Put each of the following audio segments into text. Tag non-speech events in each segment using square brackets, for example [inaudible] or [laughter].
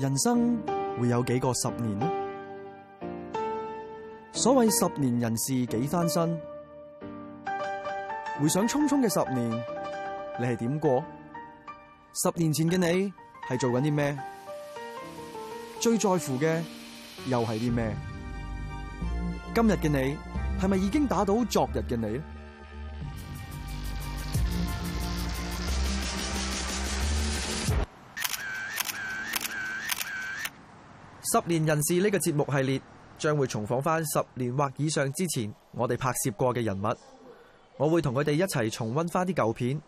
人生會有幾個十年？所謂十年人事幾翻新，回想匆匆嘅十年，你係點過？十年前嘅你係做緊啲咩？最在乎嘅又係啲咩？今日嘅你係咪已經打倒昨日嘅你咧？十年人事呢個節目系列將會重訪翻十年或以上之前我哋拍攝過嘅人物，我會同佢哋一齊重溫翻啲舊片，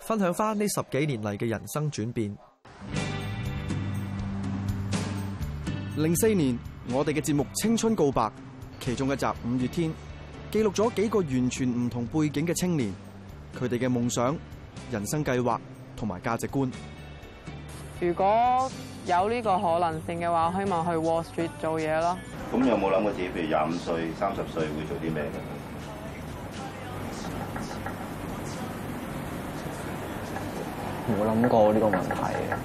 分享翻呢十幾年嚟嘅人生轉變。零四年我哋嘅節目《青春告白》，其中一集《五月天》，記錄咗幾個完全唔同背景嘅青年，佢哋嘅夢想、人生計劃同埋價值觀。如果有呢個可能性嘅話，希望去 Wall Street 做嘢咯。咁有冇諗過自己，譬如廿五歲、三十歲會做啲咩嘅？冇諗過呢個問題。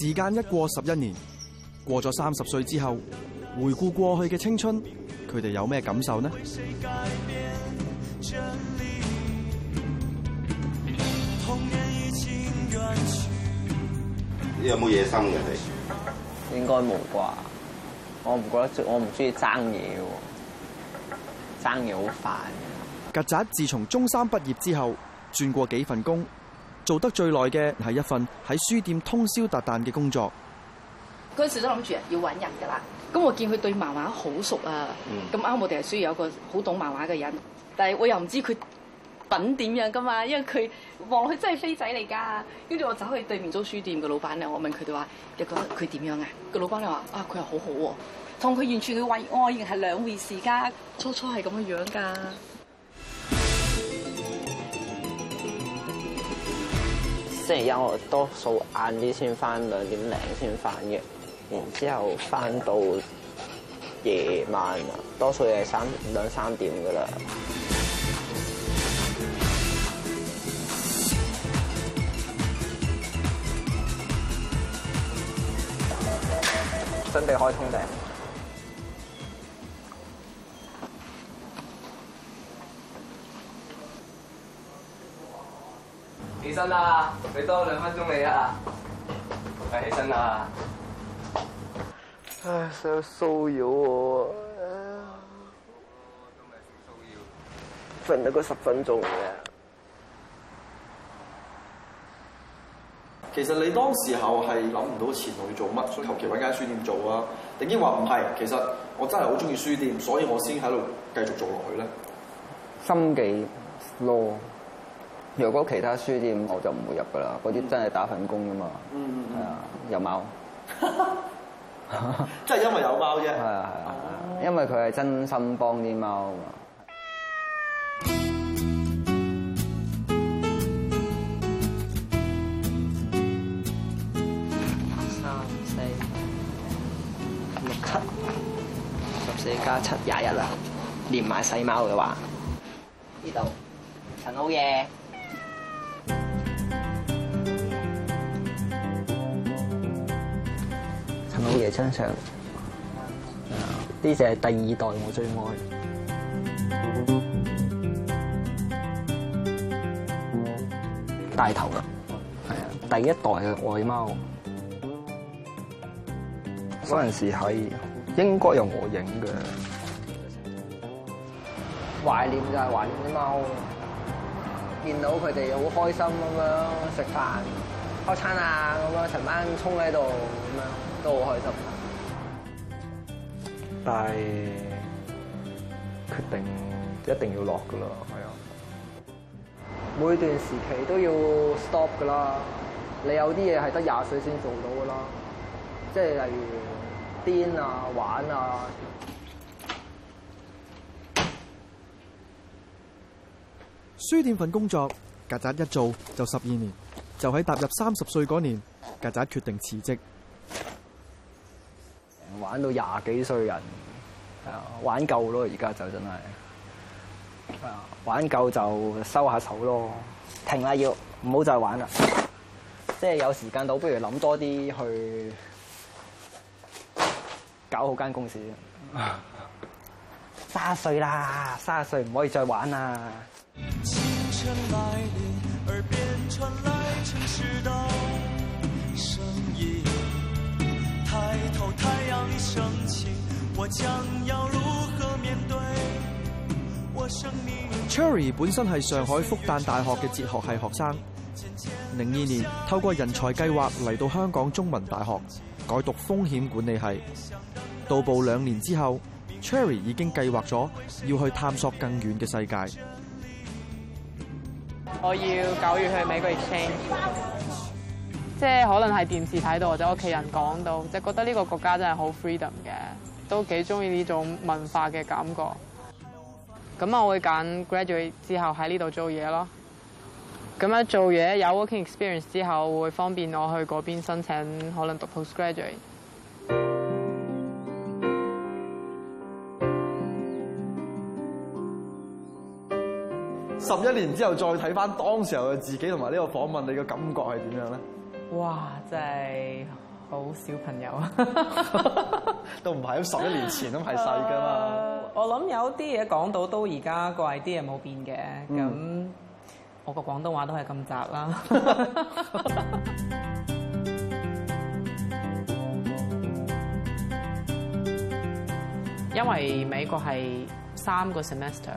時間一過十一年，過咗三十歲之後，回顧過去嘅青春，佢哋有咩感受呢？你有冇野心嘅？你應該冇啩，我唔覺得，我唔中意爭嘢嘅喎，爭嘢好煩啊。曱甴自從中三畢業之後，轉過幾份工，做得最耐嘅係一份喺書店通宵達旦嘅工作。嗰陣時都諗住要揾人㗎啦，咁我見佢對漫畫好熟啊，咁啱、嗯、我哋係需要有一個好懂漫畫嘅人，但係我又唔知佢品點樣噶嘛？因為佢望落去真係飛仔嚟噶，跟住我走去對面租書店嘅老闆娘，我問佢哋話：你覺得佢點樣啊？個老闆娘話：啊，佢係好好喎，同佢完全嘅愛愛型係兩回事㗎，初初係咁嘅樣㗎。星期一我多數晏啲先翻，兩點零先翻嘅，然之後翻到夜晚啊，多數係三兩三點㗎啦。準備開通頂，起身啦！你多兩分鐘嚟吖！起身啦！唉，想騷擾我，瞓到個十分鐘嘅。其實你當時候係諗唔到前路要做乜，所以求其揾間書店做啊。定抑或唔係？其實我真係好中意書店，所以我先喺度繼續做落去咧。心計咯。若果其他書店我就唔會入噶啦，嗰啲真係打份工㗎嘛。嗯嗯。係啊，有貓。即係因為有貓啫。係啊係啊，因為佢係真心幫啲貓啊。你加七廿一啦，連埋細貓嘅話，呢度陳老爺，陳老爺張相，呢隻係第二代我最愛，帶頭噶，係啊，第一代嘅外貓，嗰陣時可以。應該有我影嘅。懷念就係懷念啲貓，見到佢哋好開心咁樣食飯、開餐啊，咁樣成晚衝喺度咁樣，都好開心。但係決定一定要落噶啦，係啊。每段時期都要 stop 噶啦，你有啲嘢係得廿歲先做到噶啦，即係例如。癲啊！玩啊！書店份工作，曱甴一做就十二年，就喺踏入三十歲嗰年，曱甴決定辭職。玩到廿幾歲人，係啊，玩夠咯！而家就真係，係啊，玩夠就收下手咯，停啦！要唔好再玩啦，即係有時間到，不如諗多啲去。搞好間公司。卅歲啦，卅歲唔可以再玩啦。Cherry 本身係上海復旦大學嘅哲學系學生，零二年透過人才計劃嚟到香港中文大學，改讀風險管理系。到步兩年之後，Cherry 已經計劃咗要去探索更遠嘅世界。我要九月去美國 exchange，即係可能係電視睇到或者屋企人講到，即係覺得呢個國家真係好 freedom 嘅，都幾中意呢種文化嘅感覺。咁我會揀 graduate 之後喺呢度做嘢咯。咁樣做嘢有 working experience 之後，會方便我去嗰邊申請可能讀 postgraduate。十一年之後再睇翻當時候嘅自己同埋呢個訪問，你嘅感覺係點樣咧？哇！真係好小朋友啊、 [laughs] 呃，都唔係十一年前都係細噶嘛。嗯、我諗有啲嘢講到都而家個 idea 冇變嘅。咁我個廣東話都係咁窄啦。 [laughs] 因為美國係三個 semester。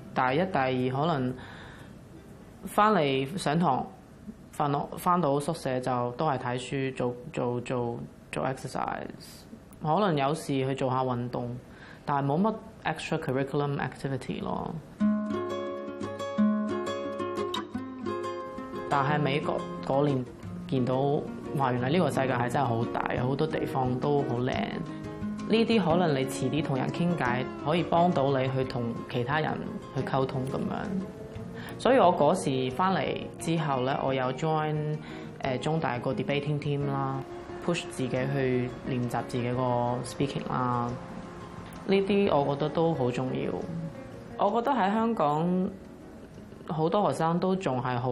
大一、大二可能翻嚟上堂，瞓落翻到宿舍就都係睇書、做做做做 exercise，可能有時去做下運動，但係冇乜 extra curriculum activity 咯。但係美國嗰年見到，話，原來呢個世界係真係好大，好多地方都好靚。呢啲可能你遲啲同人傾偈，可以幫到你去同其他人去溝通咁樣，所以我嗰時翻嚟之後咧，我有 join 誒中大個 debating team 啦，push 自己去練習自己個 speaking 啦。呢啲我覺得都好重要。我覺得喺香港好多學生都仲係好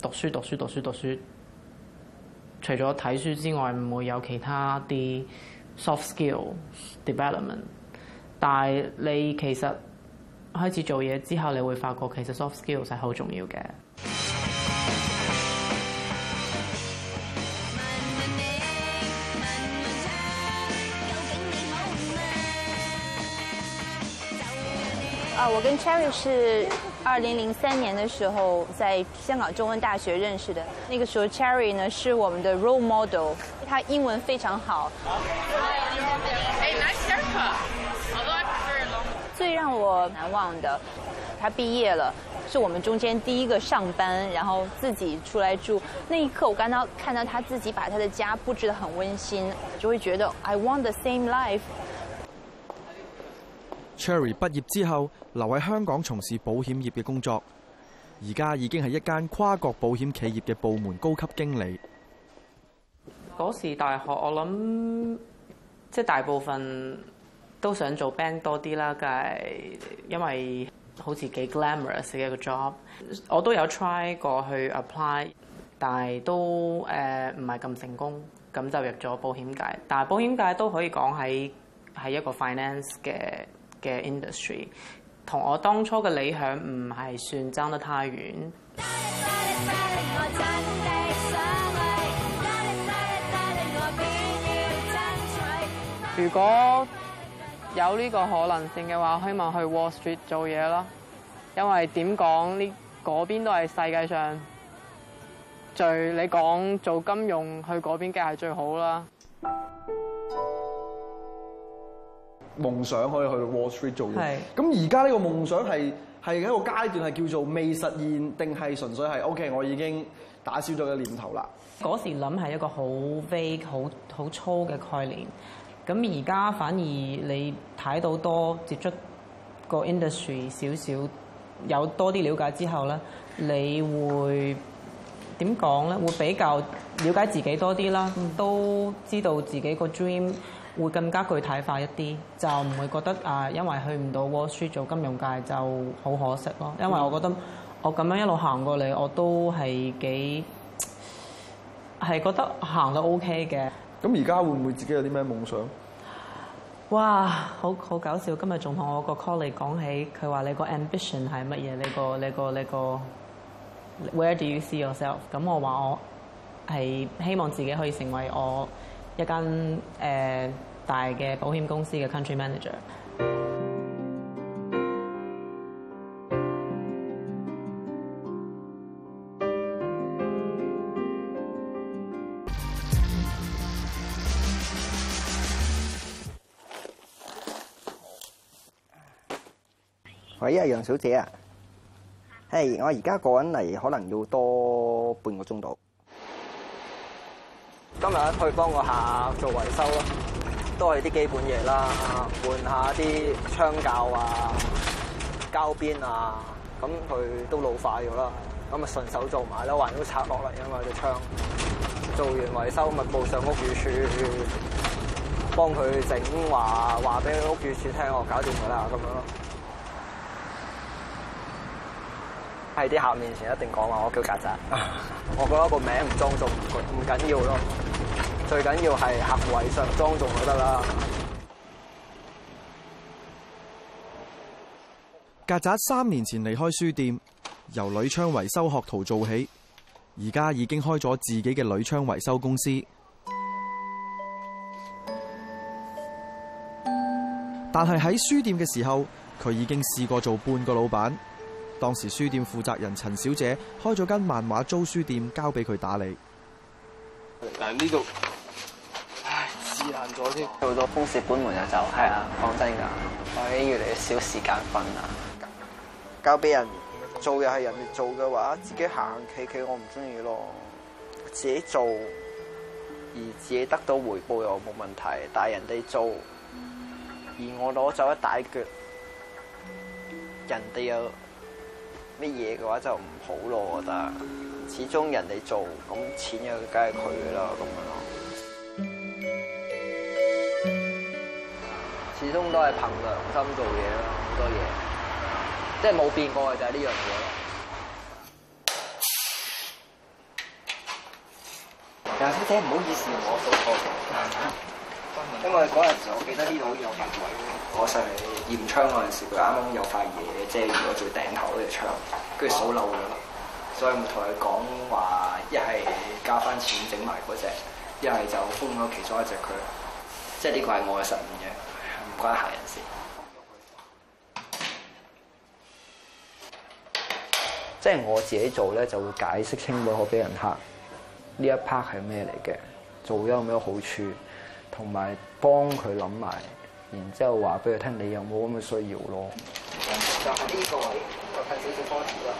讀書讀書讀書讀書，除咗睇書之外，唔會有其他啲 soft skill development，但係你其實開始做嘢之後，你會發覺其實 soft skills 係好重要嘅。啊，我跟 Cherry 是二零零三年的時候在香港中文大學認識的，那個時候 Cherry 呢是我們的 role model。他英文非常好。哎，Nice shirt！最讓我難忘的，他畢業了，是我們中間第一個上班，然後自己出來住。那一刻，我剛剛看到他自己把他的家布置得很温馨，就會覺得 I want the same life。Cherry 畢業之後，留喺香港從事保險業嘅工作，而家已經係一間跨國保險企業嘅部門高級經理。嗰時大學我諗，即係大部分都想做 bank 多啲啦，但係因為好似幾 glamorous 嘅一個 job，我都有 try 過去 apply，但係都誒唔係咁成功，咁就入咗保險界。但係保險界都可以講喺係一個 finance 嘅嘅 industry，同我當初嘅理想唔係算爭得太遠。如果有呢個可能性嘅話，希望去 Wall Street 做嘢咯。因為點講呢？嗰邊都係世界上最，你講做金融去嗰邊梗係最好啦。夢想可以去 Wall Street 做嘢。係是。咁而家呢個夢想係係一個階段，係叫做未實現，定係純粹係 OK？我已經打消咗嘅念頭啦。嗰時諗係一個好 vague 好好粗嘅概念。咁而家反而你睇到多接觸個 industry 少少，有多啲了解之後咧，你會點講咧？會比較了解自己多啲啦，都知道自己個 dream 會更加具體化一啲，就唔會覺得啊，因為去唔到 Wall Street 做金融界就好可惜咯。因為我覺得我咁樣一路行過嚟，我都係幾，係覺得行得 OK 嘅。咁而家會唔會自己有啲咩夢想？哇，好好搞笑！今日仲同我個 call 嚟講起，佢話你個 ambition 係乜嘢？你個你個你個，where do you see yourself？咁我話我係希望自己可以成為我一間、呃、大嘅保險公司嘅 country manager。係楊小姐啊！係、hey, 我而家過緊嚟，可能要多半個鐘度。今日去幫個客做維修咯，都係啲基本嘢啦，換下啲窗鉸啊、膠邊啊，咁佢都老化咗啦，咁啊順手做埋咯，還要拆落嚟因為，隻窗做完維修，密報上屋宇處，幫佢整話話俾屋宇處聽，我搞掂佢啦，咁樣咯。喺啲客面前一定講，話我叫曱甴， [laughs] 我覺得個名唔莊重，唔，唔緊要咯，最緊要係行為上莊重就得啦。曱甴三年前離開書店，由鋁窗維修學徒做起，而家已經開咗自己嘅鋁窗維修公司。但係喺書店嘅時候，佢已經試過做半個老闆。當時書店負責人陳小姐開咗間漫畫租書店，交俾佢打理。嗱呢度唉，自行咗先，做到封事關門就走，係啊，講真噶，我已經越嚟越少時間瞓啦。交俾人做又係人哋做嘅話，自己行行企企我唔中意咯。自己做而自己得到回報又冇問題，但係人哋做而我攞走一大腳，人哋又。咩嘢嘅話就唔好咯，我覺得。始終人哋做，咁錢又梗係佢啦，咁樣咯。始終都係憑良心做嘢咯，好多嘢。即係冇變過嘅就係呢樣嘢咯。有少少，唔好意思，我做錯。因為嗰陣時，我記得呢度好有條位我上嚟，我成驗槍嗰陣時，佢啱啱有塊嘢，即係如果做頂頭嗰隻槍，跟住數漏咗，所以我同佢講話，一係加翻錢整埋嗰隻，一係就封咗其中一隻佢。即是這是的的係呢個係我嘅實驗嘅，唔關客人事。即係我自己做咧，就會解釋清楚，好俾人嚇呢一 part 係咩嚟嘅，做咗有咩好處。同埋幫佢諗埋，然之後話俾佢聽，你有冇咁嘅需要咯？就係呢個位，就噴少少波子啦，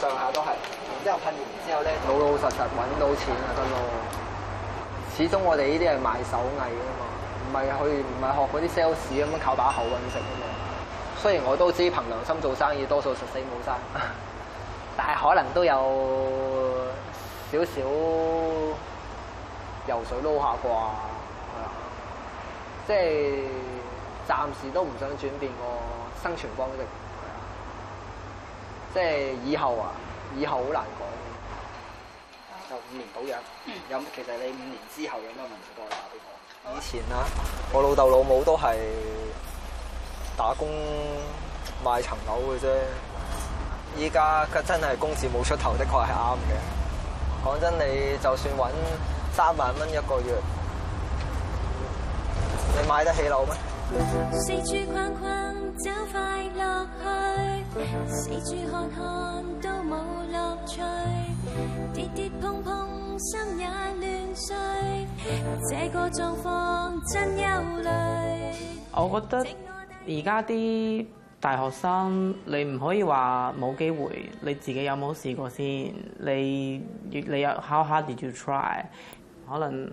上下都係。然之後噴完之後咧，老老實實揾到錢啊得咯。始終我哋呢啲係賣手藝噶嘛，唔係去唔係學嗰啲 sales 咁樣靠把口揾食啊嘛。雖然我都知憑良心做生意，多數十死冇生，但係可能都有少少油水撈下啩。即係暫時都唔想轉變個生存方式，即係以後啊，以後好難講。就五年保養，有其實你五年之後有咩問題都可以打俾我。以前啊，我老豆老母都係打工賣層樓嘅啫。依家佢真係工字冇出頭，的確係啱嘅。講真，你就算揾三萬蚊一個月。你買得起樓咩？四處困困，找快樂去，四處看看，都冇樂趣，跌跌碰碰，心也亂碎。我覺得而家啲大學生，你唔可以話冇機會，你自己有冇試過先？你你有 How hard did you try？可能。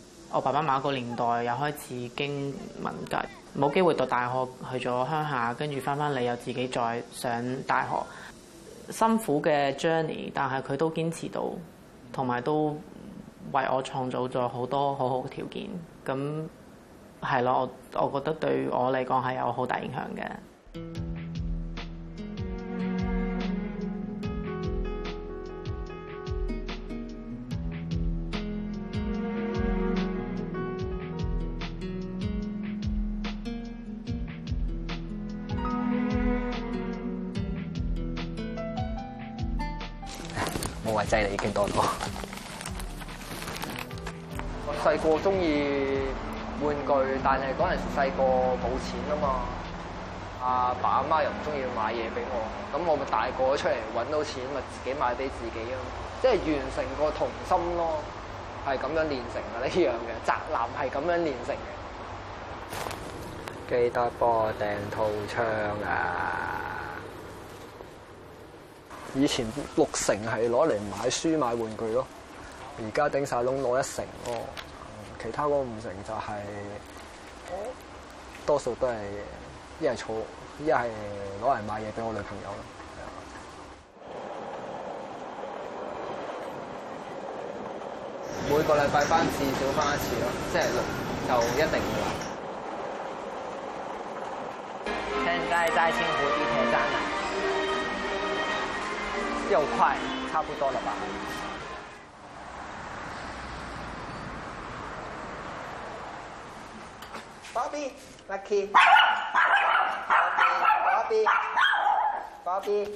我爸爸媽個年代又開始經文革，冇機會讀大學，去咗鄉下，跟住翻返嚟又自己再上大學，辛苦嘅 journey，但係佢都堅持到，同埋都為我創造咗好多好好嘅條件，咁係咯，我我覺得對我嚟講係有好大影響嘅。已經多咗。我細個中意玩具，但係嗰陣時細個冇錢啊嘛。阿爸阿媽又唔中意買嘢俾我，咁我咪大個咗出嚟搵到錢，咪自己買俾自己咯。即係完成個童心咯，係咁樣練成嘅呢樣嘅，宅男係咁樣練成嘅。記得幫我訂套槍啊！以前六成係攞嚟買書買玩具咯，而家頂晒窿攞一成咯，其他嗰五成就係多數都係一係儲，一係攞嚟買嘢俾我女朋友咯。每個禮拜返至少返一次咯，即係六就一定。現在在清湖地鐵站。六塊，差不多了吧？Bobby，Lucky，Bobby，Bobby，Bobby。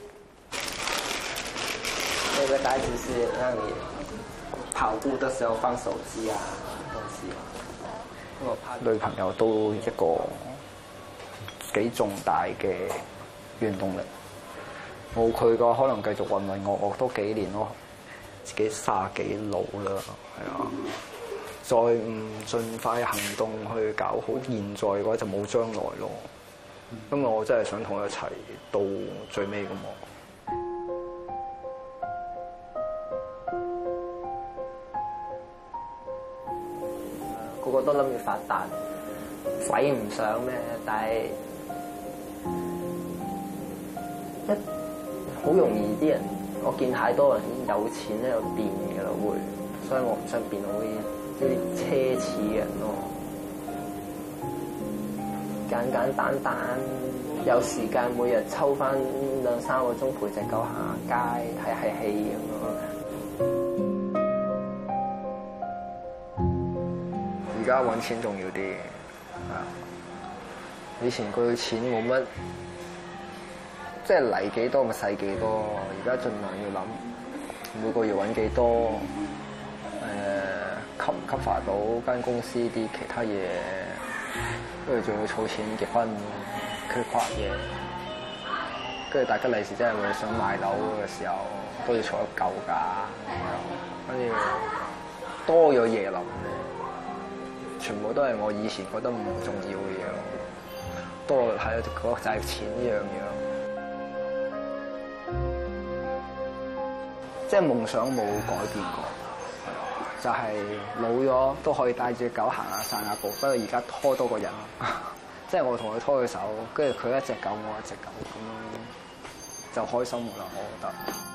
這個帶子是讓你跑步的時候放手機啊，東西。女朋友都一個幾重大嘅原動力。冇佢嘅話，可能繼續混混噩噩都幾年咯。自己卅幾老啦，係啊，再唔盡快行動去搞好，現在嘅話就冇將來咯。嗯、因為我真係想同佢一齊到最尾㗎嘛。個個都諗住發達，鬼唔想咩？但係一。好容易啲人，我見太多人有錢咧，有變嘅啦會，所以我唔想變到啲即係奢侈嘅人咯。簡簡單單，有時間每日抽翻兩三個鐘陪隻狗行街，睇下戲咁咯。而家揾錢重要啲，啊，以前佢錢冇乜。即係嚟幾多咪使幾多，而家儘量要諗每個月揾幾多，誒吸唔吸發到間公司啲其他嘢，跟住仲要儲錢結婚，缺寡嘢，跟住大家利是真係會想買樓嘅時候都要儲得夠㗎，跟住多咗嘢落，全部都係我以前覺得唔重要嘅嘢，多係嗰就係錢呢樣嘢。即係夢想冇改變過係啊，就係老咗都可以帶住隻狗行下散下步，不過而家拖多個人，即係我同佢拖佢手，跟住佢一隻狗，我一隻狗咁樣就開心活啦！我覺得。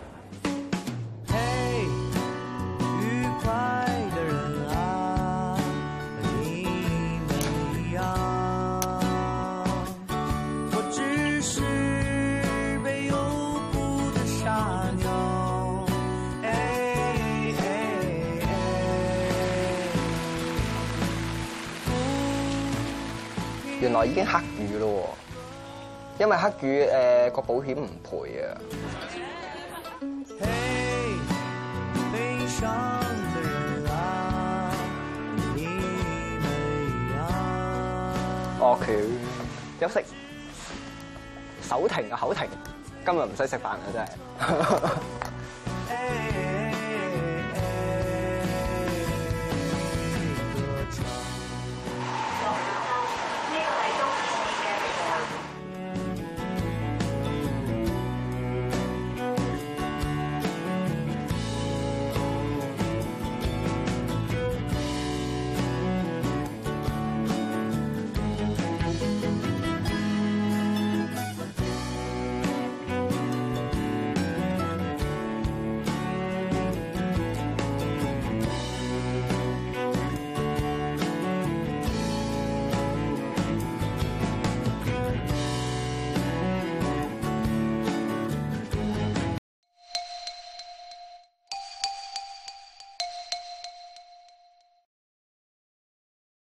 原來已經黑雨了，因為黑雨誒個保險唔賠啊。休息，手停啊，口停，今日唔使食飯啦真係。